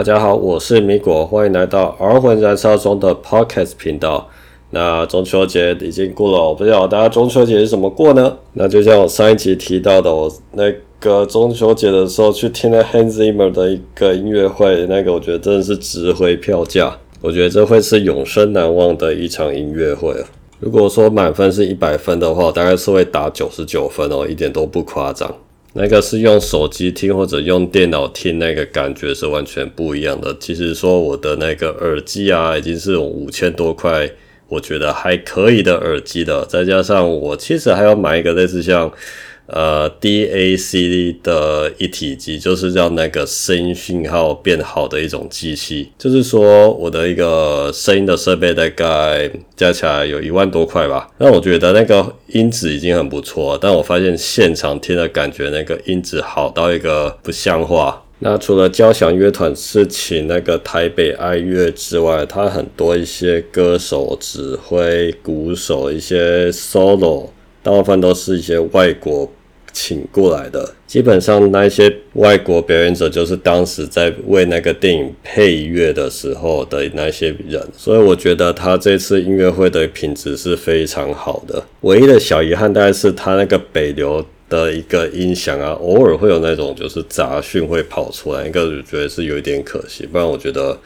大家好，我是米果，歡迎來到《兒魂燃燒中》的 Podcast 頻道。那中秋節已經過了，我不知道大家中秋節是怎麼過呢？那就像我上一集提到的，我那個中秋節的時候去聽了 Hans Zimmer 的一個音樂會，那個我覺得真的是值回票價，我覺得這會是永生難忘的一場音樂會。如果說滿分是一百分的話，我大概是會打九十九分哦，一點都不誇張。那個是用手機聽或者用電腦聽，那個感覺是完全不一樣的。其實說我的那個耳機啊，已經是五千多塊，我覺得還可以的耳機的，再加上我其實還要買一個類似像。呃，DAC 的一體機就是讓那個聲音信號變好的一種機器。就是說，我的一個聲音的設備大概加起來有一萬多塊吧。那我覺得那個音質已經很不錯了，但我發現現場聽的感覺，那個音質好到一個不像話。那除了交響樂團是請那個台北愛樂之外，它很多一些歌手、指揮、鼓手一些 solo，大部分都是一些外國。請過來的，基本上那些外國表演者就是當時在為那個電影配樂的時候的那些人，所以我覺得他這次音樂會的品質是非常好的。唯一的小遺憾大概是他那個北流的一個音響啊，偶爾會有那種就是雜訊會跑出來，一個我覺得是有一點可惜，不然我覺得。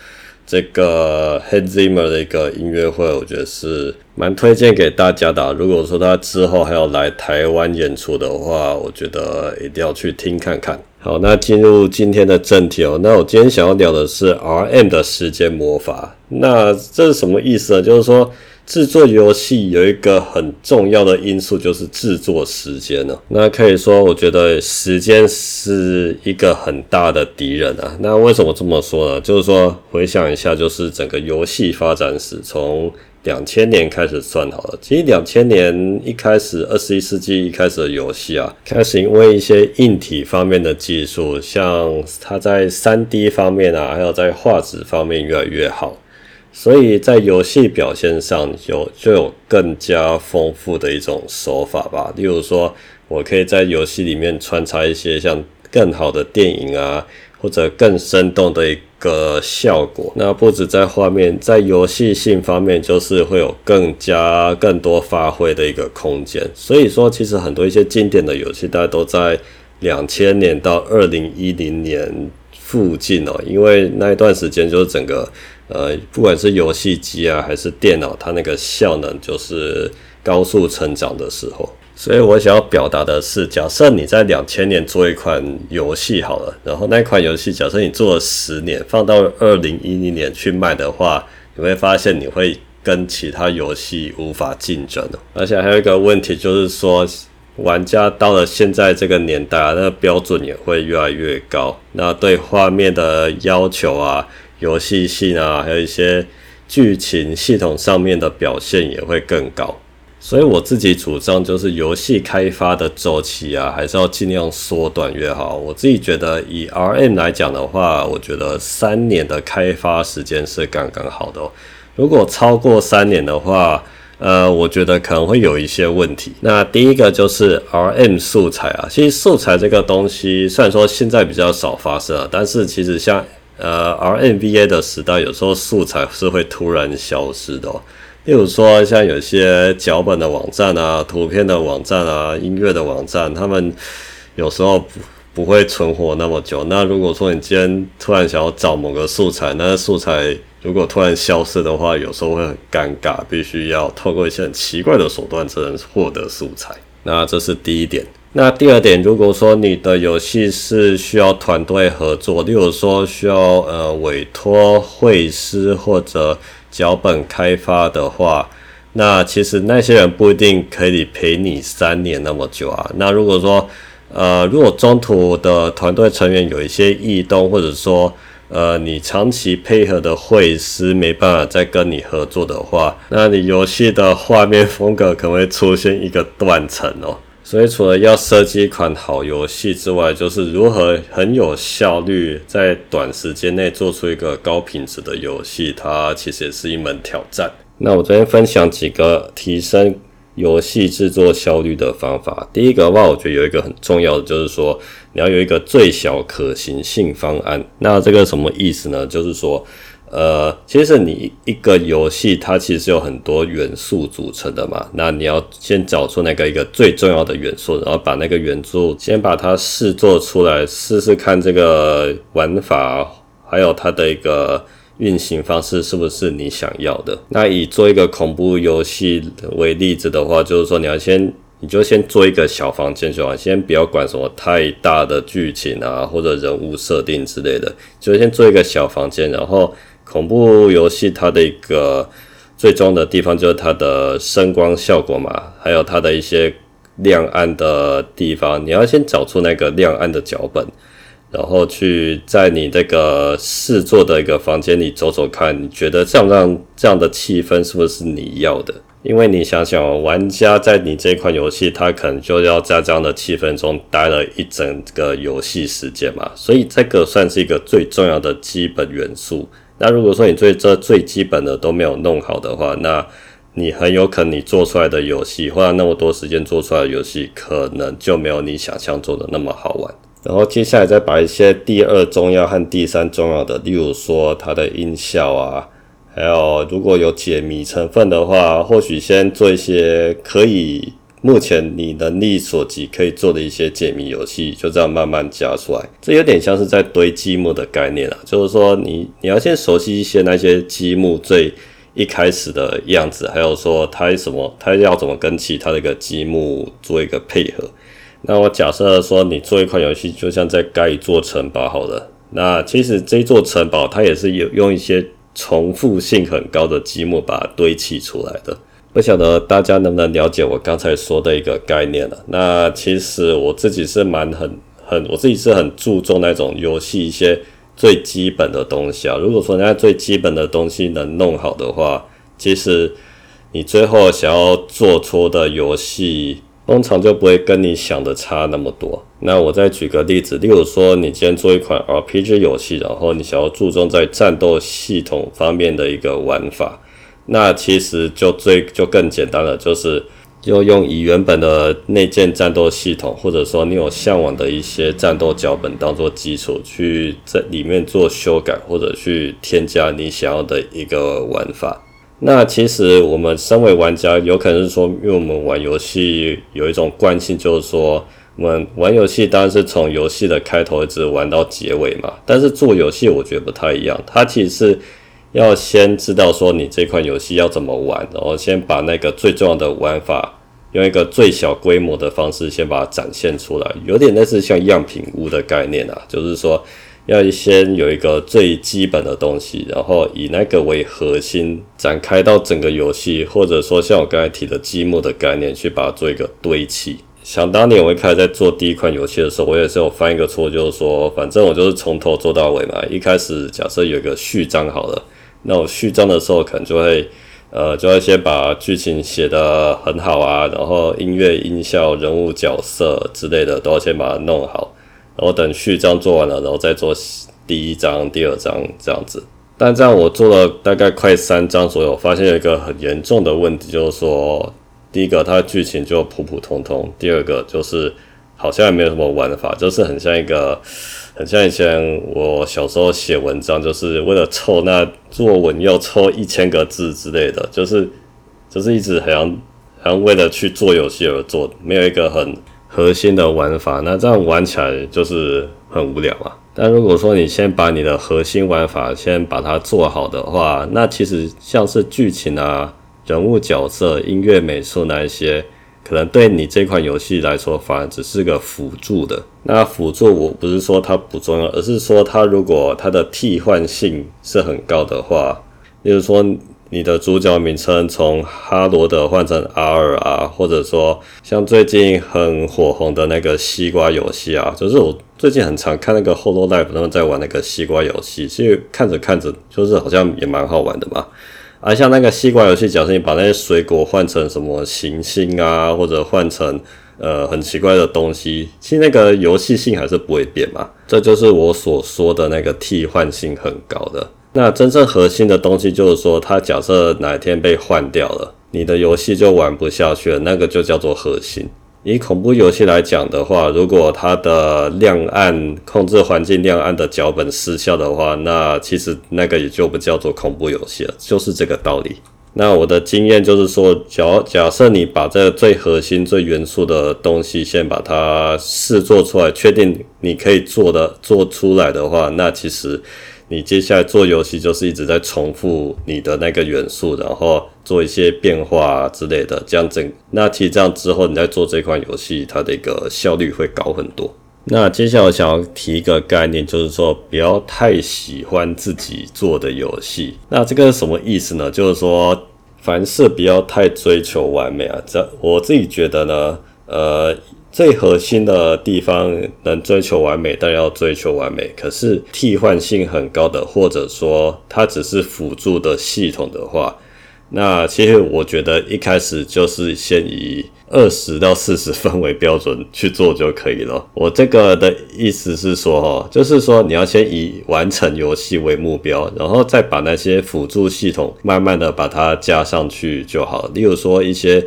這個 Hans Zimmer 的一個音樂會，我覺得是蠻推薦給大家的啊。如果說他之後還要來台灣演出的話，我覺得一定要去聽看看。好，那進入今天的正題哦。那我今天想要聊的是 RM 的時間魔法。那這是什麼意思呢？就是說。製作遊戲有一個很重要的因素，就是製作時間了啊，那可以說我覺得時間是一個很大的敵人啊。那為什麼這麼說呢？就是說回想一下，就是整個遊戲發展史，從兩千年開始算好了，其實兩千年一開始，二十一世紀一開始的遊戲啊，開始因為一些硬體方面的技術，像它在三 D 方面啊，還有在畫質方面越來越好。所以在遊戲表現上有就有更加豐富的一種手法吧，例如說，我可以在遊戲裡面穿插一些像更好的電影啊，或者更生動的一個效果。那不止在畫面，在遊戲性方面，就是會有更加更多發揮的一個空間。所以說，其實很多一些經典的遊戲，大家都在兩千年到二零一零年附近哦，因為那一段時間就是整個。呃，不管是遊戲機啊，還是電腦，它那個效能就是高速成長的時候。所以我想要表達的是，假設你在兩千年做一款遊戲好了，然後那款遊戲假設你做了十年，放到二零一零年去賣的話，你會發現你會跟其他遊戲無法競爭喔。而且還有一個問題就是說，玩家到了現在這個年代啊，那個標準也會越來越高，那對畫面的要求啊。遊戲性啊，還有一些劇情系統上面的表現也會更高，所以我自己主張就是遊戲開發的周期啊，還是要儘量縮短越好。我自己覺得以 RM 來講的話，我覺得三年的開發時間是剛剛好的哦。如果超過三年的話，呃，我覺得可能會有一些問題。那第一個就是 RM 素材啊，其實素材這個東西雖然說現在比較少發生啊，但是其實像。呃，而 NBA 的時代有時候素材是會突然消失的哦，例如說像有些腳本的網站啊、圖片的網站啊、音樂的網站，他們有時候不不會存活那麼久。那如果說你今天突然想要找某個素材，那素材如果突然消失的話，有時候會很尷尬，必須要透過一些很奇怪的手段才能獲得素材。那這是第一點。那第二點，如果說你的遊戲是需要團隊合作，例如說需要呃委托繪師或者腳本開發的話，那其實那些人不一定可以陪你三年那麼久啊。那如果說呃，如果中途的團隊成員有一些異動，或者說呃你長期配合的繪師沒辦法再跟你合作的話，那你遊戲的畫面風格可能會出現一個斷層哦。所以，除了要設計一款好遊戲之外，就是如何很有效率，在短時間內做出一個高品質的遊戲，它其實也是一門挑戰。那我這邊分享幾個提升遊戲製作效率的方法。第一個的話，我覺得有一個很重要的，就是說你要有一個最小可行性方案。那這個什麼意思呢？就是說。呃，其實你一個遊戲，它其實有很多元素組成的嘛。那你要先找出那個一個最重要的元素，然後把那個元素先把它試做出來，試試看這個玩法，還有它的一個運行方式是不是你想要的。那以做一個恐怖遊戲為例子的話，就是說你要先，你就先做一個小房間就好，先不要管什麼太大的劇情啊，或者人物設定之類的，就先做一個小房間，然後。恐怖遊戲它的一個最終的地方就是它的聲光效果嘛，還有它的一些亮暗的地方。你要先找出那個亮暗的腳本，然後去在你這個試做的一個房間裡走走看，你覺得這樣像這樣的氣氛是不是你要的？因為你想想，玩家在你這款遊戲，他可能就要在這樣的氣氛中待了一整個遊戲時間嘛，所以這個算是一個最重要的基本元素。那如果說你最這最基本的都沒有弄好的話，那你很有可能你做出來的遊戲，花了那麼多時間做出來的遊戲，可能就沒有你想象做的那麼好玩。然後接下來再把一些第二重要和第三重要的，例如說它的音效啊，還有如果有解謎成分的話，或許先做一些可以。目前你能力所及可以做的一些解謎遊戲，就這樣慢慢加出來。這有點像是在堆積木的概念啊，就是說你你要先熟悉一些那些積木最一開始的樣子，還有說它什麼，它要怎麼跟其他的一個積木做一個配合。那我假設說你做一款遊戲，就像在蓋一座城堡好了。那其實這座城堡它也是有用一些重複性很高的積木把它堆砌出來的。不曉得大家能不能了解我剛才說的一個概念了？那其實我自己是蠻很很，我自己是很注重那種遊戲一些最基本的東西啊。如果說人家最基本的東西能弄好的話，其實你最後想要做出的遊戲，通常就不會跟你想的差那麼多。那我再舉個例子，例如說你今天做一款 RPG 遊戲，然後你想要注重在戰鬥系統方面的一個玩法。那其實就最就更簡單了，就是就用以原本的內建戰鬥系統，或者說你有向往的一些戰鬥腳本當做基礎，去在裡面做修改，或者去添加你想要的一個玩法。那其實我們身為玩家，有可能是說，因為我們玩遊戲有一種慣性，就是說我們玩遊戲當然是從遊戲的開頭一直玩到結尾嘛。但是做遊戲，我覺得不太一樣，它其實是。要先知道說你這款遊戲要怎麼玩，然後先把那個最重要的玩法，用一個最小規模的方式先把它展現出來，有點類似像樣品屋的概念啊，就是說要先有一個最基本的東西，然後以那個為核心展開到整個遊戲，或者說像我剛才提的積木的概念去把它做一個堆砌。想當年我一開始在做第一款遊戲的時候，我也是有犯一個錯，就是說反正我就是從頭做到尾嘛，一開始假設有一個序章好了。那我序章的時候，可能就會，呃，就要先把劇情寫得很好啊，然後音樂、音效、人物、角色之類的都要先把它弄好，然後等序章做完了，然後再做第一章、第二章這樣子。但這樣我做了大概快三章左右，發現有一個很嚴重的問題，就是說，第一個它劇情就普普通通，第二個就是。好像也沒有什麼玩法，就是很像一個，很像以前我小時候寫文章，就是為了湊那作文要湊一千個字之類的，就是就是一直好像好像為了去做遊戲而做，沒有一個很核心的玩法，那這樣玩起來就是很無聊嘛。但如果說你先把你的核心玩法先把它做好的話，那其實像是劇情啊、人物角色、音樂、美術那一些。可能對你這款遊戲來說，反而只是個輔助的。那輔助我不是說它不重要，而是說它如果它的替換性是很高的話，例如說你的主角名稱從哈羅德換成阿爾啊，或者說像最近很火紅的那個西瓜遊戲啊，就是我最近很常看那個 Hololive 他們在玩那個西瓜遊戲，其實看着看着就是好像也蠻好玩的嘛。而、啊、像那個西瓜遊戲，假設你把那些水果換成什麼行星啊，或者換成呃很奇怪的東西，其實那個遊戲性還是不會變嘛。這就是我所說的那個替換性很高的。那真正核心的東西就是說，它假設哪一天被換掉了，你的遊戲就玩不下去了，那個就叫做核心。以恐怖遊戲來講的話，如果它的亮暗，控制環境亮暗的腳本失效的話，那其實那個也就不叫做恐怖遊戲了，就是這個道理。那我的經驗就是說，假假設你把這個最核心、最元素的東西先把它試做出來，確定你可以做的做出來的話，那其實。你接下來做遊戲就是一直在重複你的那個元素，然後做一些變化之類的，這樣整那其實這樣之後你在做這款遊戲，它的一個效率會高很多。那接下來我想要提一個概念，就是說不要太喜歡自己做的遊戲。那這個是什麼意思呢？就是說凡事不要太追求完美啊。這我自己覺得呢，呃。最核心的地方能追求完美，但要追求完美。可是替換性很高的，或者說它只是輔助的系統的話，那其實我覺得一開始就是先以二十到四十分為標準去做就可以了。我這個的意思是說，哈，就是說你要先以完成遊戲為目標，然後再把那些輔助系統慢慢的把它加上去就好。例如說一些。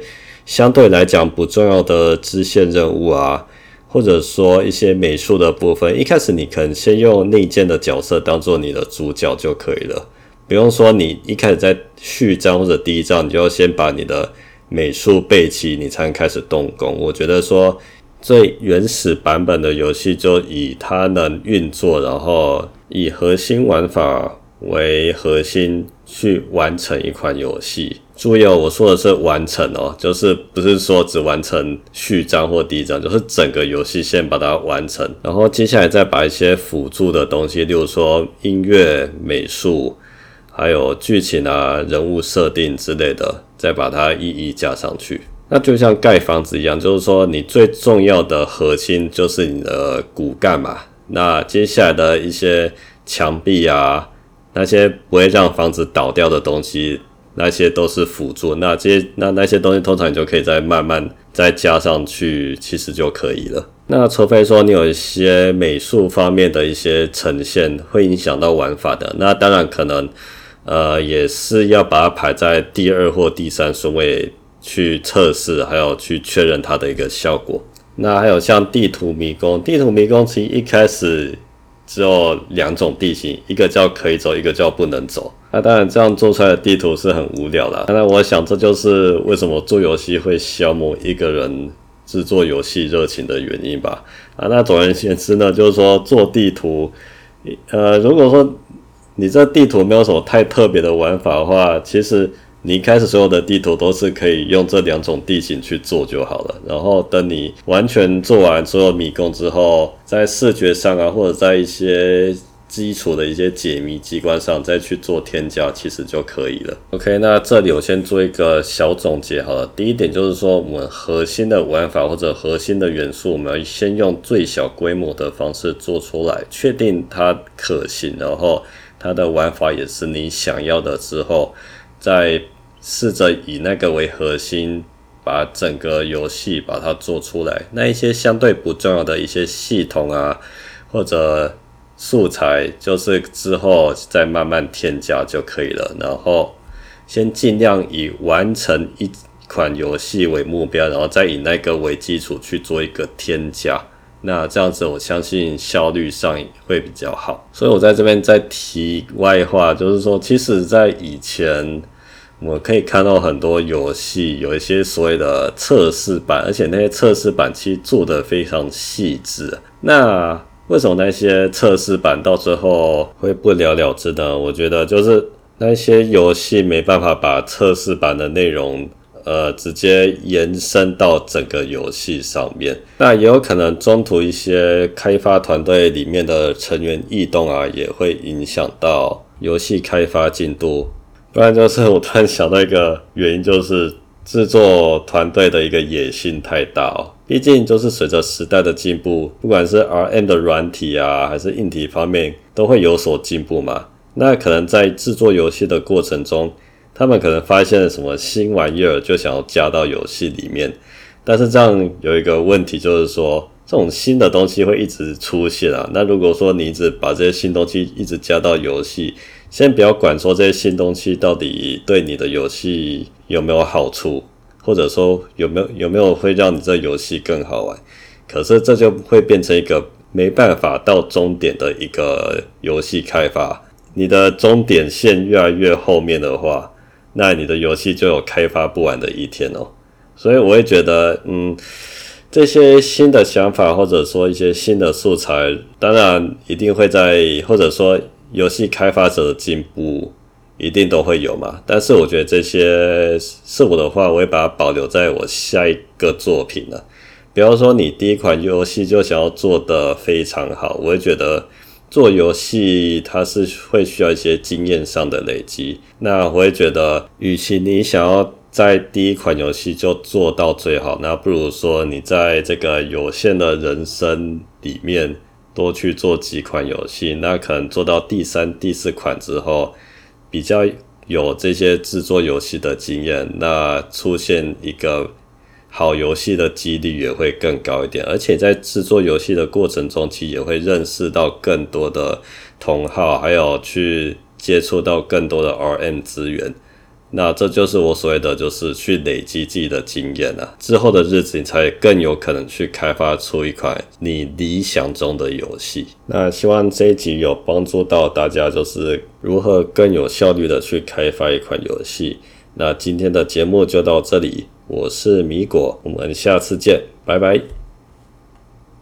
相對來講不重要的支線任務啊，或者說一些美術的部分，一開始你可能先用內建的角色當做你的主角就可以了，不用說你一開始在序章或者第一章，你就要先把你的美術備齊，你才能開始動工。我覺得說最原始版本的遊戲，就以它能運作，然後以核心玩法為核心去完成一款遊戲。注意哦，我說的是完成哦，就是不是說只完成序章或第一章，就是整個遊戲先把它完成，然後接下來再把一些輔助的東西，例如說音樂、美術，還有劇情啊、人物設定之類的，再把它一一加上去。那就像蓋房子一樣，就是說你最重要的核心就是你的骨幹嘛，那接下來的一些牆壁啊，那些不會讓房子倒掉的東西。那些都是輔助，那這些那那些東西通常你就可以再慢慢再加上去，其實就可以了。那除非說你有一些美術方面的一些呈現會影響到玩法的，那當然可能呃也是要把它排在第二或第三順位去測試，還有去確認它的一個效果。那還有像地圖迷宮，地圖迷宮其實一開始只有兩種地形，一個叫可以走，一個叫不能走。那當然，啊、這樣做出來的地圖是很無聊的。當然，我想這就是為什麼做遊戲會消磨一個人制作遊戲熱情的原因吧。啊，那總而言之呢，就是說做地圖，呃，如果說你這地圖沒有什麼太特別的玩法的話，其實你一開始所有的地圖都是可以用這兩種地形去做就好了。然後等你完全做完所有迷宮之後，在視覺上啊，或者在一些。基礎的一些解謎機關上再去做添加，其實就可以了。OK，那這裡我先做一個小總結好了。第一點就是說，我們核心的玩法或者核心的元素，我們要先用最小規模的方式做出來，確定它可行，然後它的玩法也是你想要的之後，再試着以那個為核心，把整個遊戲把它做出來。那一些相對不重要的一些系統啊，或者。素材就是之後再慢慢添加就可以了，然後先盡量以完成一款遊戲為目標，然後再以那個為基礎去做一個添加。那這樣子，我相信效率上會比較好。所以我在這邊再題外話，就是說，其實在以前，我們可以看到很多遊戲有一些所謂的測試版，而且那些測試版其實做得非常細緻。那為什麼那些測試版到最後會不了了之呢？我覺得就是那些遊戲沒辦法把測試版的內容，呃，直接延伸到整個遊戲上面。那也有可能中途一些開發團隊裡面的成員異動啊，也會影響到遊戲開發進度。不然就是我突然想到一個原因，就是。製作團隊的一個野心太大哦，畢竟就是隨着時代的進步，不管是 RM 的軟體啊，還是硬體方面，都會有所進步嘛。那可能在製作遊戲的過程中，他們可能發現了什麼新玩意兒，就想要加到遊戲裡面。但是這樣有一個問題，就是說這種新的東西會一直出現啊。那如果說你一直把這些新東西一直加到遊戲，先不要管說這些新東西到底對你的遊戲。有沒有好處，或者說有沒有有沒有會讓你這遊戲更好玩？可是這就會變成一個沒辦法到終點的一個遊戲開發。你的終點線越來越後面的話，那你的遊戲就有開發不完的一天哦。所以我會覺得，嗯，這些新的想法或者說一些新的素材，當然一定會在或者說遊戲開發者的進步。一定都會有嘛，但是我覺得這些是我的話，我會把它保留在我下一個作品了。比方說，你第一款遊戲就想要做得非常好，我會覺得做遊戲它是會需要一些經驗上的累積。那我會覺得，與其你想要在第一款遊戲就做到最好，那不如說你在這個有限的人生裡面多去做幾款遊戲，那可能做到第三、第四款之後。比較有這些制作遊戲的經驗，那出現一個好遊戲的幾率也會更高一點。而且在制作遊戲的過程中，其實也會認識到更多的同好，還有去接觸到更多的 RM 資源。那這就是我所謂的，就是去累積自己的經驗了啊。之後的日子，你才更有可能去開發出一款你理想中的遊戲。那希望這一集有幫助到大家，就是如何更有效率的去開發一款遊戲。那今天的節目就到這裡，我是米果，我們下次見，拜拜。